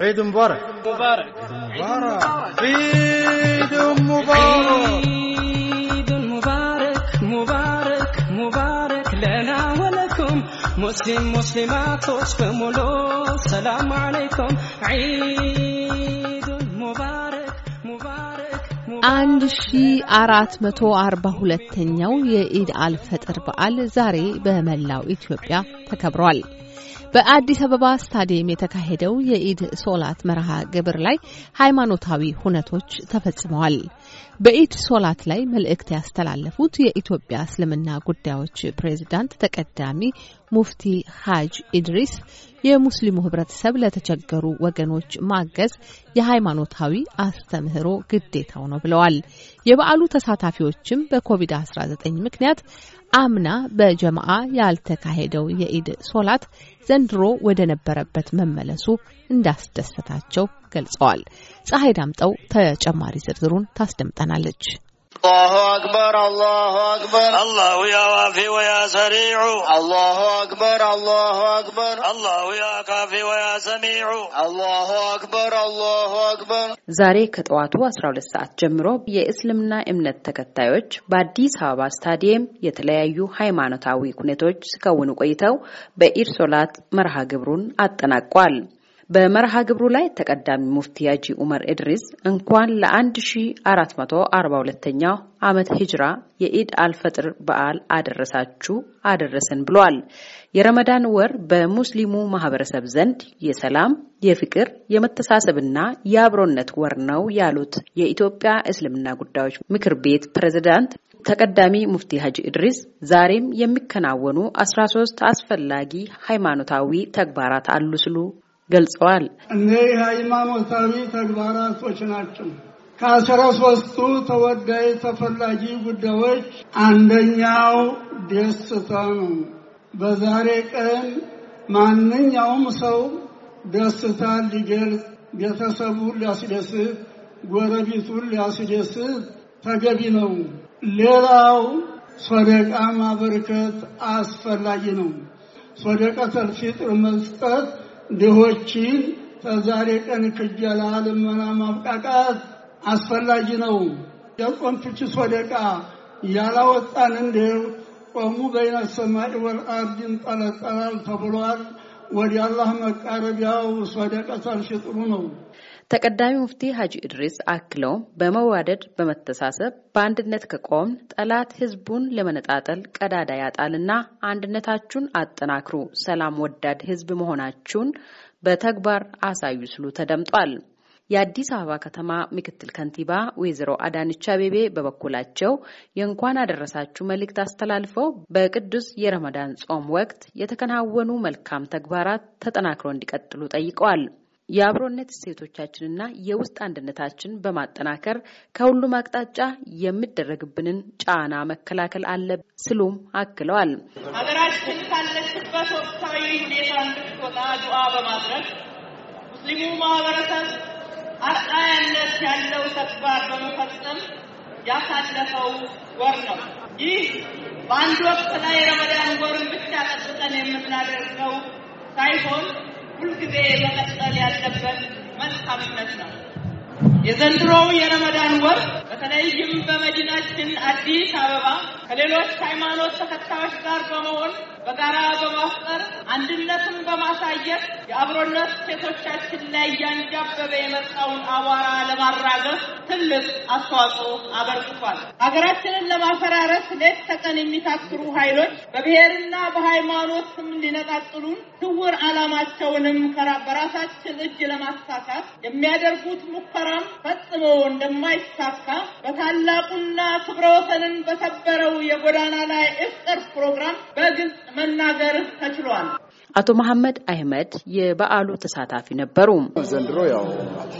عيد مبارك مبارك مبارك عيد مبارك عيد مبارك مبارك مبارك لنا ولكم مسلم مسلماتوች በሙሉ السلام عليكم عيد مبارك مبارك 1442ኛው የኢድ አልፈጥር በዓል ዛሬ በመላው ኢትዮጵያ ተከብሯል። በአዲስ አበባ ስታዲየም የተካሄደው የኢድ ሶላት መርሃ ግብር ላይ ሃይማኖታዊ ሁነቶች ተፈጽመዋል። በኢድ ሶላት ላይ መልእክት ያስተላለፉት የኢትዮጵያ እስልምና ጉዳዮች ፕሬዝዳንት ተቀዳሚ ሙፍቲ ሀጅ ኢድሪስ የሙስሊሙ ህብረተሰብ ለተቸገሩ ወገኖች ማገዝ የሃይማኖታዊ አስተምህሮ ግዴታው ነው ብለዋል። የበዓሉ ተሳታፊዎችም በኮቪድ-19 ምክንያት አምና በጀማአ ያልተካሄደው የኢድ ሶላት ዘንድሮ ወደ ነበረበት መመለሱ እንዳስደሰታቸው ገልጸዋል። ፀሐይ ዳምጠው ተጨማሪ ዝርዝሩን ታስደምጠናለች። الله أكبر الله أكبر الله يا وافي ويا سريع الله أكبر الله أكبر الله يا كافي ويا سميع الله أكبر الله أكبر ዛሬ ከጠዋቱ 12 ሰዓት ጀምሮ የእስልምና እምነት ተከታዮች በአዲስ አበባ ስታዲየም የተለያዩ ሃይማኖታዊ ኩነቶች ሲከውኑ ቆይተው በኢድ ሶላት መርሃ ግብሩን አጠናቋል። በመርሃ ግብሩ ላይ ተቀዳሚ ሙፍቲ ያጂ ኡመር ኢድሪስ እንኳን ለ1442ኛው ዓመት ሂጅራ የኢድ አልፈጥር በዓል አደረሳችሁ አደረሰን ብለዋል። የረመዳን ወር በሙስሊሙ ማህበረሰብ ዘንድ የሰላም፣ የፍቅር፣ የመተሳሰብና የአብሮነት ወር ነው ያሉት የኢትዮጵያ እስልምና ጉዳዮች ምክር ቤት ፕሬዝዳንት ተቀዳሚ ሙፍቲ ሀጂ ኢድሪስ ዛሬም የሚከናወኑ 13 አስፈላጊ ሃይማኖታዊ ተግባራት አሉ ስሉ ገልጸዋል። እነዚህ የሃይማኖታዊ ተግባራቶች ናቸው። ከአስራ ሶስቱ ተወዳጅ ተፈላጊ ጉዳዮች አንደኛው ደስታ ነው። በዛሬ ቀን ማንኛውም ሰው ደስታ ሊገልጽ፣ ቤተሰቡን ሊያስደስት፣ ጎረቤቱን ሊያስደስት ተገቢ ነው። ሌላው ሶደቃ ማበርከት አስፈላጊ ነው። ሶደቀተል ፊጥር መስጠት ድሆችን ከዛሬ ቀን ክጀላ ልመና ማብቃቃት አስፈላጊ ነው። የጾም ፍቺ ሶደቃ ያላወጣን እንዲሁ ቆሙ በይነ ሰማይ ወልአርድን ይንጠለጠላል ተብሏል። ወዲ አላህ መቃረቢያው ሶደቀተል ጥሩ ነው። ተቀዳሚ ሙፍቲ ሀጂ ኢድሪስ አክለውም በመዋደድ በመተሳሰብ በአንድነት ከቆምን ጠላት ህዝቡን ለመነጣጠል ቀዳዳ ያጣልና አንድነታችሁን አጠናክሩ፣ ሰላም ወዳድ ህዝብ መሆናችሁን በተግባር አሳዩ ሲሉ ተደምጧል። የአዲስ አበባ ከተማ ምክትል ከንቲባ ወይዘሮ አዳነች አቤቤ በበኩላቸው የእንኳን አደረሳችሁ መልእክት አስተላልፈው በቅዱስ የረመዳን ጾም ወቅት የተከናወኑ መልካም ተግባራት ተጠናክረው እንዲቀጥሉ ጠይቀዋል። የአብሮነት እሴቶቻችንና የውስጥ አንድነታችን በማጠናከር ከሁሉም አቅጣጫ የሚደረግብንን ጫና መከላከል አለ ስሉም አክለዋል። ሀገራችን ካለችበት ወቅታዊ ሁኔታ እንድትወጣ ዱአ በማድረግ ሙስሊሙ ማህበረሰብ አርአያነት ያለው ተግባር በመፈጸም ያሳለፈው ወር ነው። ይህ በአንድ ወቅት ላይ ረመዳን ወርን ብቻ ጠብቀን የምናደርገው ሳይሆን ሁልጊዜ በመቅጠል ያለበት መልካምነት ነው። የዘንድሮው የረመዳን ወር በተለይም በመዲናችን አዲስ አበባ ከሌሎች ሃይማኖት ተከታዮች ጋር በመሆን በጋራ በማፍጠር አንድነትን በማሳየት የአብሮነት ሴቶቻችን ላይ እያንጃበበ የመጣውን አቧራ ለማራገፍ ትልቅ አስተዋጽኦ አበርክቷል። ሀገራችንን ለማፈራረስ ሌት ተቀን የሚታክሩ ኃይሎች በብሔርና በሃይማኖት ስም ሊነጣጥሉን ስውር ዓላማቸውንም በራሳችን እጅ ለማሳካት የሚያደርጉት ሙከራም ፈጽሞ እንደማይሳካ በታላቁና ክብረ ወሰንን በሰበረው የጎዳና ላይ እፍጠር ፕሮግራም በግልጽ መናገር ተችሏል። አቶ መሐመድ አህመድ የበዓሉ ተሳታፊ ነበሩ። ዘንድሮ ያው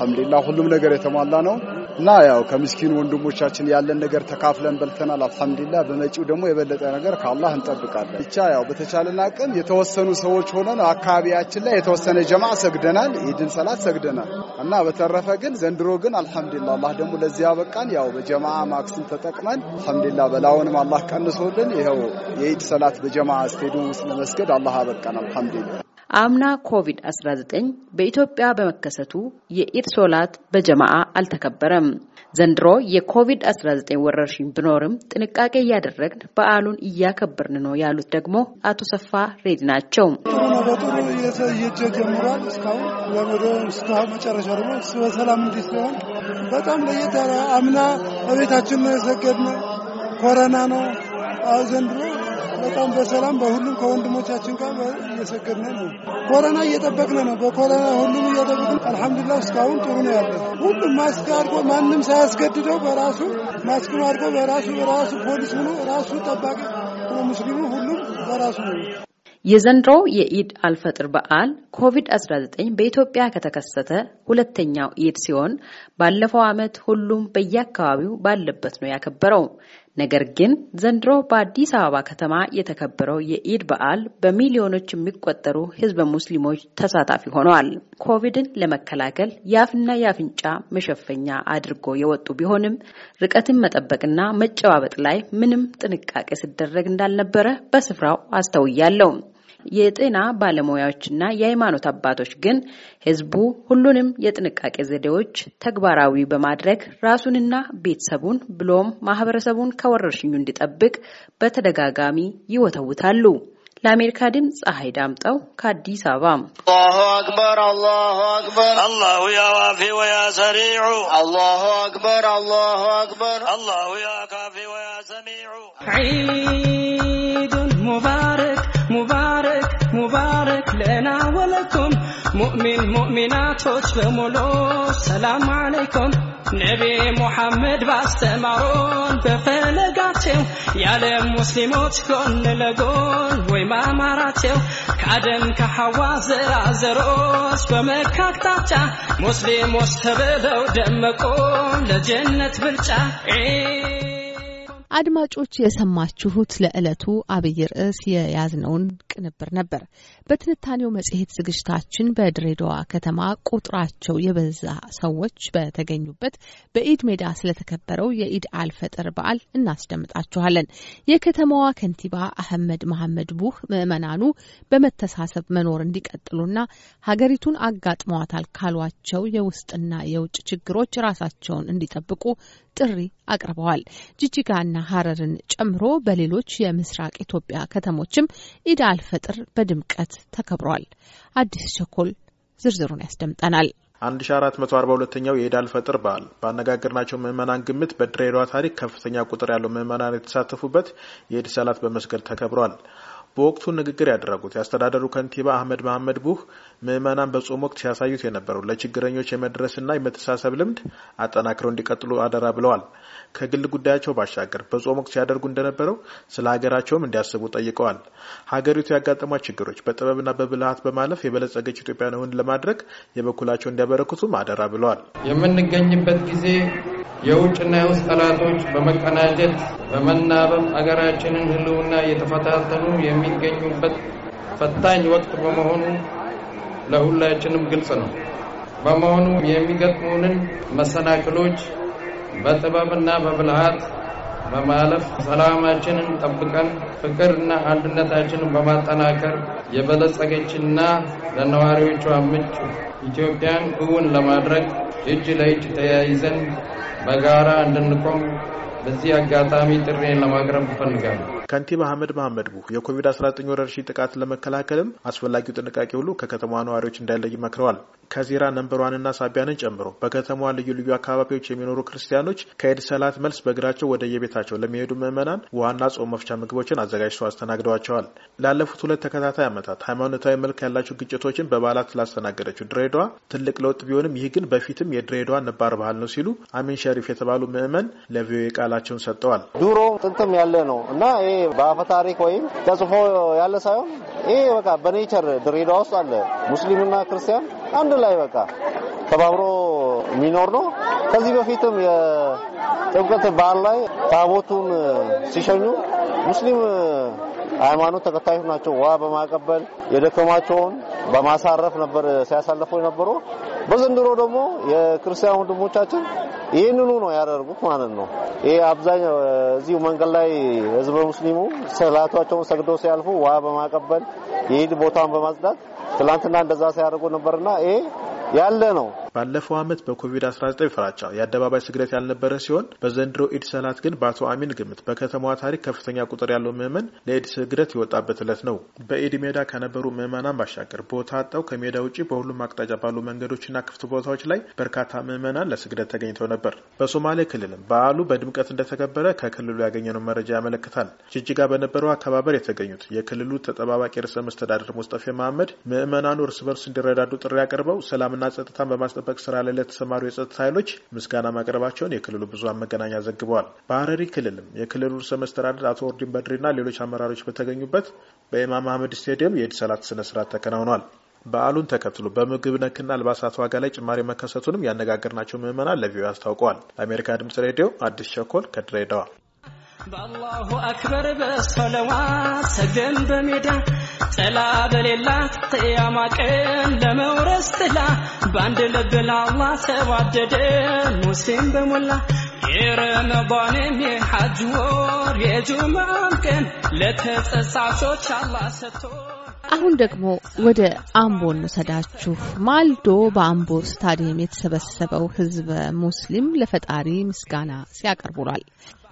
አልሐምዱሊላ ሁሉም ነገር የተሟላ ነው እና ያው ከምስኪኑ ወንድሞቻችን ያለን ነገር ተካፍለን በልተናል። አልሐምዱሊላ በመጪው ደግሞ የበለጠ ነገር ከአላህ እንጠብቃለን። ብቻ ያው በተቻለን አቅም የተወሰኑ ሰዎች ሆነን አካባቢያችን ላይ የተወሰነ ጀማ ሰግደናል፣ ኢድን ሰላት ሰግደናል እና በተረፈ ግን ዘንድሮ ግን አልሐምዱሊላ አላህ ደግሞ ለዚያ በቃን። ያው በጀማ ማክስን ተጠቅመን አልሐምዱሊላ በላውንም አላህ ቀንሶልን ይኸው የኢድ ሰላት በጀማ ስቴዲየም ውስጥ ለመስገድ አላህ አበቃን። አምና ኮቪድ-19 በኢትዮጵያ በመከሰቱ የኢድ ሶላት በጀማአ አልተከበረም። ዘንድሮ የኮቪድ-19 ወረርሽኝ ቢኖርም ጥንቃቄ እያደረግን በዓሉን እያከበርን ነው ያሉት ደግሞ አቶ ሰፋ ሬድ ናቸው። ጥሩ ነው፣ በጥሩ ጀምሯል። እስካሁን ወደ እስካሁን መጨረሻ ደግሞ በሰላም እንዲህ ሲሆን በጣም ለየት አምና በቤታችን ነው የሰገድነው። ኮረና ነው ዘንድሮ በጣም በሰላም በሁሉም ከወንድሞቻችን ጋር እየሰገድነ ነው። ኮረና እየጠበቅነ ነው። በኮረና ሁሉም እየጠበቅን አልሐምዱላ እስካሁን ጥሩ ነው ያለ። ሁሉም ማስክ አድርጎ ማንም ሳያስገድደው በራሱ ማስክ አድርጎ በራሱ በራሱ ፖሊስ ሆኖ ራሱ ጠባቂ ሙስሊሙ ሁሉም በራሱ ነው። የዘንድሮው የኢድ አልፈጥር በዓል ኮቪድ-19 በኢትዮጵያ ከተከሰተ ሁለተኛው ኢድ ሲሆን ባለፈው ዓመት ሁሉም በየአካባቢው ባለበት ነው ያከበረው። ነገር ግን ዘንድሮ በአዲስ አበባ ከተማ የተከበረው የኢድ በዓል በሚሊዮኖች የሚቆጠሩ ህዝበ ሙስሊሞች ተሳታፊ ሆነዋል። ኮቪድን ለመከላከል የአፍና የአፍንጫ መሸፈኛ አድርጎ የወጡ ቢሆንም ርቀትን መጠበቅና መጨባበጥ ላይ ምንም ጥንቃቄ ሲደረግ እንዳልነበረ በስፍራው አስተውያለሁ። የጤና ባለሙያዎችና የሃይማኖት አባቶች ግን ህዝቡ ሁሉንም የጥንቃቄ ዘዴዎች ተግባራዊ በማድረግ ራሱንና ቤተሰቡን ብሎም ማህበረሰቡን ከወረርሽኙ እንዲጠብቅ በተደጋጋሚ ይወተውታሉ። ለአሜሪካ ድምፅ ፀሐይ ዳምጠው ከአዲስ አበባ። አላሁ አክበር አላሁ አክበር አላሁ ያዋፊ ወያ ሰሪዑ አላሁ አክበር አላሁ አክበር አላሁ ያካፊ ወያ ሰሚዑ ዒድ ሙባረክ ሙባረክ ሙባረክ ለና ወለኩም ሙእሚን ሙእሚናቶች በሙሉ ሰላም አለይኩም ነቢ ሙሐመድ ባስተማሮን በፈለጋቸው የዓለም ሙስሊሞች ጎን ለጎን ወይ ማማራቸው ከአደም ከሐዋ ዘራዘሮች በመካ አቅጣጫ ሙስሊሞች ተብለው ደመቁ ለጀነት ብልጫ አድማጮች የሰማችሁት ለዕለቱ አብይ ርዕስ የያዝነውን ቅንብር ነበር። በትንታኔው መጽሔት ዝግጅታችን በድሬዳዋ ከተማ ቁጥራቸው የበዛ ሰዎች በተገኙበት በኢድ ሜዳ ስለተከበረው የኢድ አልፈጥር በዓል እናስደምጣችኋለን። የከተማዋ ከንቲባ አህመድ መሐመድ ቡህ ምዕመናኑ በመተሳሰብ መኖር እንዲቀጥሉና ሀገሪቱን አጋጥመዋታል ካሏቸው የውስጥና የውጭ ችግሮች ራሳቸውን እንዲጠብቁ ጥሪ አቅርበዋል። ጅጅጋና ሀረርን ጨምሮ በሌሎች የምስራቅ ኢትዮጵያ ከተሞችም ኢድ አልፈጥር በድምቀት ተከብሯል። አዲስ ቸኮል ዝርዝሩን ያስደምጠናል። 1442ኛው የኢድ አልፈጥር በዓል ባነጋገርናቸው ምዕመናን ግምት በድሬዳዋ ታሪክ ከፍተኛ ቁጥር ያለው ምዕመናን የተሳተፉበት የኢድ ሰላት በመስገድ ተከብሯል። በወቅቱ ንግግር ያደረጉት የአስተዳደሩ ከንቲባ አህመድ መሀመድ ቡህ ምዕመናን በጾም ወቅት ሲያሳዩት የነበሩ ለችግረኞች የመድረስና የመተሳሰብ ልምድ አጠናክረው እንዲቀጥሉ አደራ ብለዋል። ከግል ጉዳያቸው ባሻገር በጾም ወቅት ሲያደርጉ እንደነበረው ስለ ሀገራቸውም እንዲያስቡ ጠይቀዋል። ሀገሪቱ ያጋጠሟት ችግሮች በጥበብና በብልሃት በማለፍ የበለጸገች ኢትዮጵያን እውን ለማድረግ የበኩላቸው እንዲያበረክቱም አደራ ብለዋል። የምንገኝበት ጊዜ የውጭና የውስጥ ጠላቶች በመቀናጀት በመናበብ አገራችንን ህልውና እየተፈታተኑ የሚገኙበት ፈታኝ ወቅት በመሆኑ ለሁላችንም ግልጽ ነው። በመሆኑ የሚገጥሙንን መሰናክሎች በጥበብና በብልሃት በማለፍ ሰላማችንን ጠብቀን ፍቅርና አንድነታችንን በማጠናከር የበለጸገችና ለነዋሪዎቿ ምቹ ኢትዮጵያን እውን ለማድረግ እጅ ለእጅ ተያይዘን በጋራ እንድንቆም በዚህ አጋጣሚ ጥሬን ለማቅረብ እፈልጋለሁ። ከንቲባ አህመድ መሐመድ ቡ የኮቪድ-19 ወረርሽኝ ጥቃት ለመከላከልም አስፈላጊው ጥንቃቄ ሁሉ ከከተማዋ ነዋሪዎች እንዳይለይ መክረዋል። ከዜራ ነንበሯንና ሳቢያንን ጨምሮ በከተማዋ ልዩ ልዩ አካባቢዎች የሚኖሩ ክርስቲያኖች ከኢድ ሰላት መልስ በእግራቸው ወደ የቤታቸው ለሚሄዱ ምዕመናን ውሃና ጾም መፍቻ ምግቦችን አዘጋጅተው አስተናግደዋቸዋል። ላለፉት ሁለት ተከታታይ ዓመታት ሃይማኖታዊ መልክ ያላቸው ግጭቶችን በበዓላት ስላስተናገደችው ድሬዳዋ ትልቅ ለውጥ ቢሆንም ይህ ግን በፊትም የድሬዳዋ ነባር ባህል ነው ሲሉ አሚን ሸሪፍ የተባሉ ምዕመን ለቪኦኤ ቃላቸውን ሰጥተዋል። ድሮ ጥንትም ያለ ነው እና ይሄ በአፈ ታሪክ ወይም ተጽፎ ያለ ሳይሆን ይሄ በቃ በኔቸር ድሬዳዋ ውስጥ አለ። ሙስሊምና ክርስቲያን አንድ ላይ በቃ ተባብሮ የሚኖር ነው። ከዚህ በፊትም የጥምቀት በዓል ላይ ታቦቱን ሲሸኙ ሙስሊም ሃይማኖት ተከታዮች ናቸው። ውሃ በማቀበል የደከማቸውን በማሳረፍ ነበር ሲያሳልፉ የነበሩ። በዘንድሮ ደግሞ የክርስቲያን ወንድሞቻችን ይህንኑ ነው ያደርጉት ማለት ነው። ይህ አብዛኛው እዚሁ መንገድ ላይ ህዝበ ሙስሊሙ ሰላቷቸውን ሰግደው ሲያልፉ ውሃ በማቀበል የኢድ ቦታን በማጽዳት ትላንትና እንደዛ ሲያደርጉ ነበርና ይሄ ያለ ነው። ባለፈው ዓመት በኮቪድ-19 ፍራቻ የአደባባይ ስግደት ያልነበረ ሲሆን በዘንድሮ ኢድ ሰላት ግን በአቶ አሚን ግምት በከተማዋ ታሪክ ከፍተኛ ቁጥር ያለው ምዕመን ለኢድ ስግደት የወጣበት ዕለት ነው። በኢድ ሜዳ ከነበሩ ምዕመናን ባሻገር ቦታ አጣው ከሜዳ ውጭ በሁሉም አቅጣጫ ባሉ መንገዶችና ክፍት ቦታዎች ላይ በርካታ ምዕመናን ለስግደት ተገኝተው ነበር። በሶማሌ ክልልም በዓሉ በድምቀት እንደተከበረ ከክልሉ ያገኘነው መረጃ ያመለክታል። ጅጅጋ በነበረው አከባበር የተገኙት የክልሉ ተጠባባቂ ርዕሰ መስተዳድር ሙስጠፌ መሀመድ ምዕመናኑ እርስ በርስ እንዲረዳዱ ጥሪ አቅርበው ሰላምና ጸጥታን በማስጠበቅ በማስጠበቅ ስራ ላይ ለተሰማሩ የጸጥታ ኃይሎች ምስጋና ማቅረባቸውን የክልሉ ብዙሃን መገናኛ ዘግበዋል። በሀረሪ ክልልም የክልሉ ርዕሰ መስተዳድር አቶ ኦርዲን በድሪና ሌሎች አመራሮች በተገኙበት በኢማም አህመድ ስቴዲየም የኢድ ሰላት ስነ ስርዓት ተከናውኗል። በዓሉን ተከትሎ በምግብ ነክና አልባሳት ዋጋ ላይ ጭማሪ መከሰቱንም ያነጋገርናቸው ምዕመናን ለቪኦኤ አስታውቀዋል። ለአሜሪካ ድምጽ ሬዲዮ አዲስ ቸኮል ከድሬዳዋ በአላሁ አክበር በሰለዋ ሰገን በሜዳ ጥላ በሌላት ቅያማ ቀን ለመውረስ ጥላ በአንድ ልብ ለአላህ ተዋደደ ሙስሊም በሞላ የረመዳንም የሐጅ ወር የጁማም ቀን ለተጸጻቾች አላህ ሰጥቶ አሁን ደግሞ ወደ አምቦ እንውሰዳችሁ። ማልዶ በአምቦ ስታዲየም የተሰበሰበው ህዝበ ሙስሊም ለፈጣሪ ምስጋና ሲያቀርቡሏል።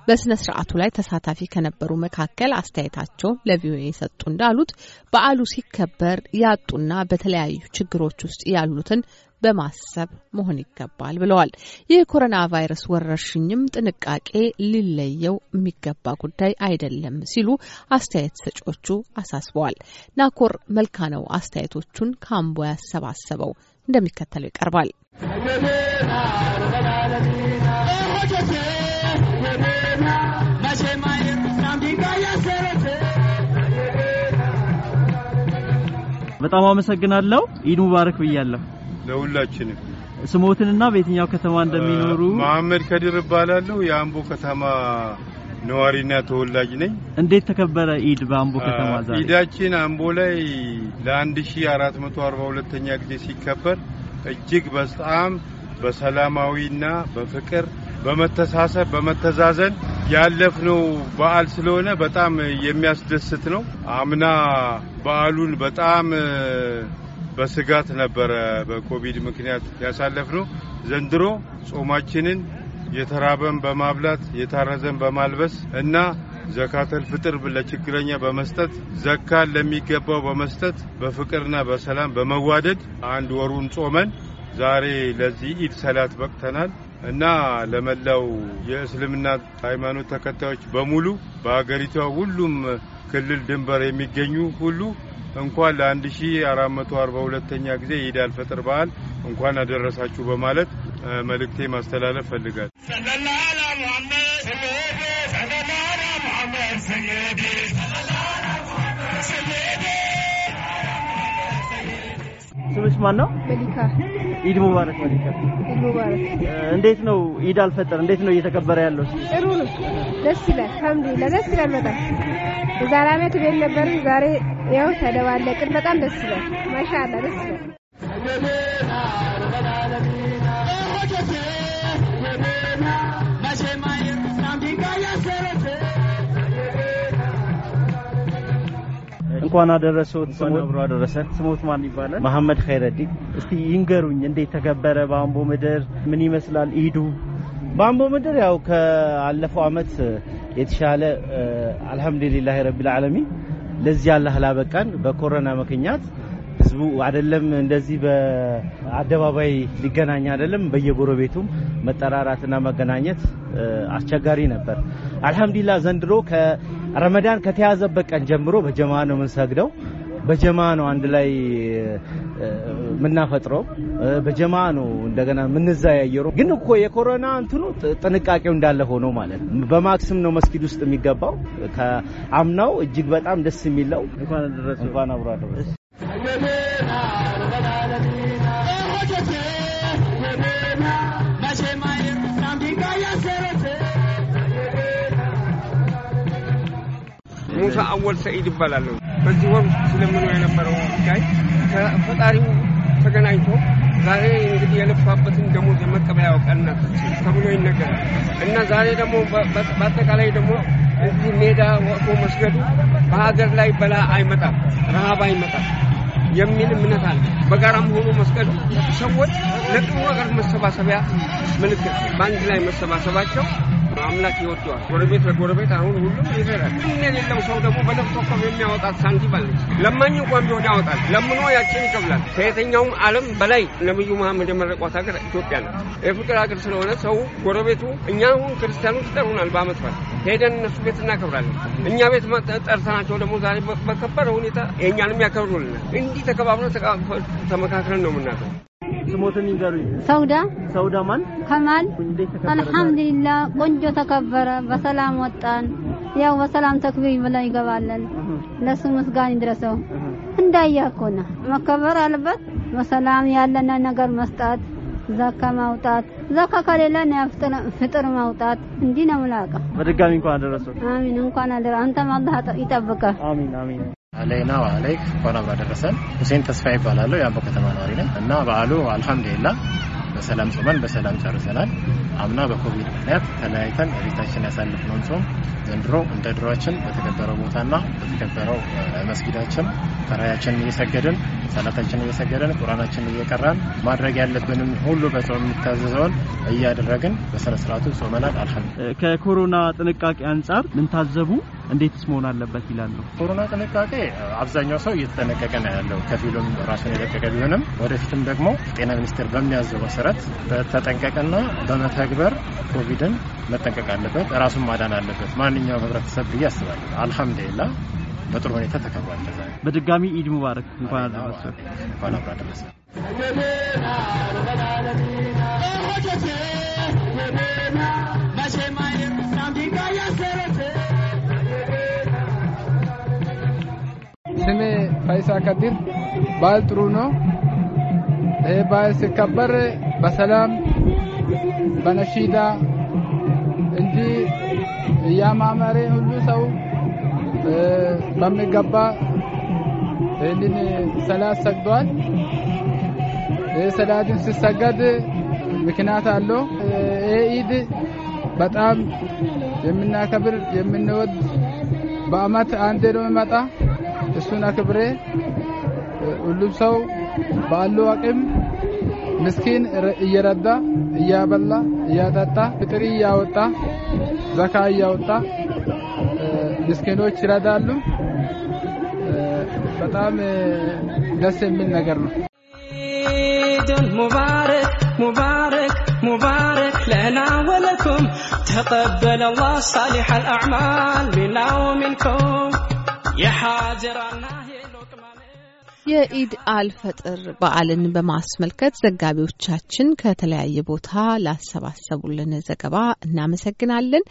በስነ ስርዓቱ ላይ ተሳታፊ ከነበሩ መካከል አስተያየታቸው ለቪኦኤ የሰጡ እንዳሉት በዓሉ ሲከበር ያጡና በተለያዩ ችግሮች ውስጥ ያሉትን በማሰብ መሆን ይገባል ብለዋል። የኮሮና ቫይረስ ወረርሽኝም ጥንቃቄ ሊለየው የሚገባ ጉዳይ አይደለም ሲሉ አስተያየት ሰጪዎቹ አሳስበዋል። ናኮር መልካ ነው አስተያየቶቹን ከአምቦ ያሰባሰበው፣ እንደሚከተለው ይቀርባል። በጣም አመሰግናለሁ። ኢድ ሙባረክ ብያለሁ ለሁላችንም። ስሞትንና በየትኛው ከተማ እንደሚኖሩ መሀመድ ከድር እባላለሁ። የአምቦ ከተማ ነዋሪና ተወላጅ ነኝ። እንዴት ተከበረ ኢድ በአምቦ ከተማ ዛሬ? ኢዳችን አምቦ ላይ ለ1442ኛ ጊዜ ሲከበር እጅግ በጣም በሰላማዊና በፍቅር በመተሳሰብ በመተዛዘን ያለፍነው በዓል ስለሆነ በጣም የሚያስደስት ነው። አምና በዓሉን በጣም በስጋት ነበረ በኮቪድ ምክንያት ያሳለፍነው። ዘንድሮ ጾማችንን የተራበን በማብላት የታረዘን በማልበስ እና ዘካተል ፍጥር ለችግረኛ በመስጠት ዘካን ለሚገባው በመስጠት በፍቅርና በሰላም በመዋደድ አንድ ወሩን ጾመን ዛሬ ለዚህ ኢድ ሰላት በቅተናል። እና ለመላው የእስልምና ሃይማኖት ተከታዮች በሙሉ በሀገሪቷ ሁሉም ክልል ድንበር የሚገኙ ሁሉ እንኳን ለ አርባ ኛ ጊዜ የኢድ አልፈጥር በዓል እንኳን አደረሳችሁ በማለት መልእክቴ ማስተላለፍ ሰየዴ ስምሽ ማን ነው? መሊካ። ኢድ ሙባረክ መሊካ። ኢድ ሙባረክ። እንዴት ነው ኢድ አልፈጠር እንዴት ነው እየተከበረ ያለው? ጥሩ ነው። ደስ ይላል። አልሐምዱሊላህ ደስ ይላል በጣም። የዛሬ ዓመት ቤት ነበር፣ ዛሬ ያው ተደባለቅን። በጣም ደስ ይላል። ማሻአላ ደስ ይላል። እንኳን አደረሰዎት። ስሙት ማን ይባላል? መሐመድ ኸይረዲን። እስቲ ይንገሩኝ እንዴት ተከበረ? በአምቦ ምድር ምን ይመስላል ኢዱ? በአምቦ ምድር ያው ከአለፈው አመት የተሻለ አልሐምዱሊላህ ረቢል ዓለሚን። ለዚህ አላህ ላበቃን በኮሮና ምክንያት ህዝቡ አይደለም እንደዚህ በአደባባይ ሊገናኝ አይደለም፣ በየጎረቤቱም መጠራራትና መገናኘት አስቸጋሪ ነበር። አልሐምዱሊላህ ዘንድሮ ረመዳን ከተያዘበት ቀን ጀምሮ በጀማ ነው የምንሰግደው። በጀማ ነው አንድ ላይ የምናፈጥረው። በጀማ ነው እንደገና የምንዘያየሩ። ግን እኮ የኮሮና እንትኑ ጥንቃቄው እንዳለ ሆኖ ማለት ነው። በማክስም ነው መስጊድ ውስጥ የሚገባው። ከአምናው እጅግ በጣም ደስ የሚለው እንኳን አብሮ አደረሰ ሙሳ አወል ሰኢድ ይባላል። በዚህ ወር ውስጥ የነበረው ጉዳይ ከፈጣሪው ተገናኝቶ ዛሬ እንግዲህ የለፋበትን ደሞዝ የመቀበያ ቀና ተብሎ ይነገራል እና ዛሬ ደግሞ በአጠቃላይ ደግሞ እዚህ ሜዳ ወጥቶ መስገዱ በሀገር ላይ በላ አይመጣም፣ ረሃብ አይመጣም የሚል እምነት አለ። በጋራም ሆኖ መስገዱ ሰዎች ለጥሩ ነገር መሰባሰቢያ ምልክት፣ በአንድ ላይ መሰባሰባቸው አምላክ ይወደዋል። ጎረቤት ለጎረቤት አሁን ሁሉም ይፈራል። ምን የሌለው ሰው ደግሞ በነፍስ ወከፍ የሚያወጣት ሳንቲም አለች። ለማኝ እንኳን ቢሆን ያወጣል። ለምኖ ያችን ይከፍላል። ከየትኛውም ዓለም በላይ ነብዩ መሐመድ የመረቋት ሀገር ኢትዮጵያ ናት። የፍቅር ሀገር ስለሆነ ሰው ጎረቤቱ፣ እኛ አሁን ክርስቲያኖች ይጠሩናል። በአመት በዓል ሄደን እነሱ ቤት እናከብራለን። እኛ ቤት ጠርተናቸው ደግሞ ዛሬ በከበረ ሁኔታ የእኛንም ያከብሩልናል። እንዲህ ተከባብረ ተመካክረን ነው የምናገር ስሞትን ይንገሩኝ። ሰውዳ ሰውዳ ማን ከማል አልሐምዱሊላህ ቆንጆ ተከበረ። በሰላም ወጣን። ያው በሰላም ተክቢር ብለን ይገባለን። ለሱ ምስጋና ይድረሰው። እንዳያኮና መከበር አለበት። በሰላም ያለና ነገር መስጣት፣ ዘካ ማውጣት፣ ዛካ ከሌለ ፍጥር ማውጣት እንዲህ ነው። ምላቃ በድጋሚ እንኳን አደረሰው። አሚን። እንኳን አደረ። አንተም አላህ ይጠብቀህ። አሚን አሚን። አለይና ዋአለይክ እንኳን አብሮ አደረሰን። ሁሴን ተስፋ ይባላለሁ። የአምቦ ከተማ ነዋሪ ነኝ እና በዓሉ አልሐምዱሊላ በሰላም ጾመን በሰላም ጨርሰናል። አምና በኮቪድ ምክንያት ተለያይተን ቤታችን ያሳለፍነውን ጾም ዘንድሮ እንደ ድሯችን በተከበረው ቦታና በተከበረው መስጊዳችን ተራያችን እየሰገድን ሰላታችን እየሰገድን ቁርአናችን እየቀራን ማድረግ ያለብንም ሁሉ በጾም የሚታዘዘውን እያደረግን በስነስርዓቱ ጾመናል። አልሐምዱሊላ ከኮሮና ጥንቃቄ አንጻር ምን ታዘቡ? እንዴትስ መሆን አለበት ይላሉ? ኮሮና ጥንቃቄ አብዛኛው ሰው እየተጠነቀቀ ነው ያለው። ከፊሉም ራሱን የለቀቀ ቢሆንም ወደፊትም ደግሞ ጤና ሚኒስቴር በሚያዘው መሰረት በተጠንቀቀና በመተግበር ኮቪድን መጠንቀቅ አለበት፣ ራሱን ማዳን አለበት ማንኛውም ህብረተሰብ ብዬ አስባለሁ። አልሐምዱሊላ በጥሩ ሁኔታ ተከብሯል። በድጋሚ ኢድ ሙባረክ። እንኳን አደረሰ እንኳን አብራ ደረሰ። Mashema ስሜ ፈይሳ ከድር። በዓል ጥሩ ነው። ይህ በዓል ሲከበር በሰላም በነሺዳ እንጂ እያማመረ ሁሉ ሰው በሚገባ ይህንን ሰላት ሰግዷል። ይህ ሰላትን ሲሰገድ ምክንያት አለው። ይህ ኢድ በጣም የምናከብር የምንወድ በአመት አንዴ ነው የሚመጣ እሱን አክብሬ ሁሉም ሰው ባለው አቅም ምስኪን እየረዳ እያበላ እያጠጣ ፍጥሪ እያወጣ ዘካ እያወጣ ምስኪኖች ይረዳሉ። በጣም ደስ የሚል ነገር ነው። ሙባረክ ሙባረክ ሙባረክ ለና ወለኩም ተቀበለ አላህ ሳሊሐል አዕማል ሚና ወሚንኩም የኢድ አልፈጥር በዓልን በማስመልከት ዘጋቢዎቻችን ከተለያየ ቦታ ላሰባሰቡልን ዘገባ እናመሰግናለን።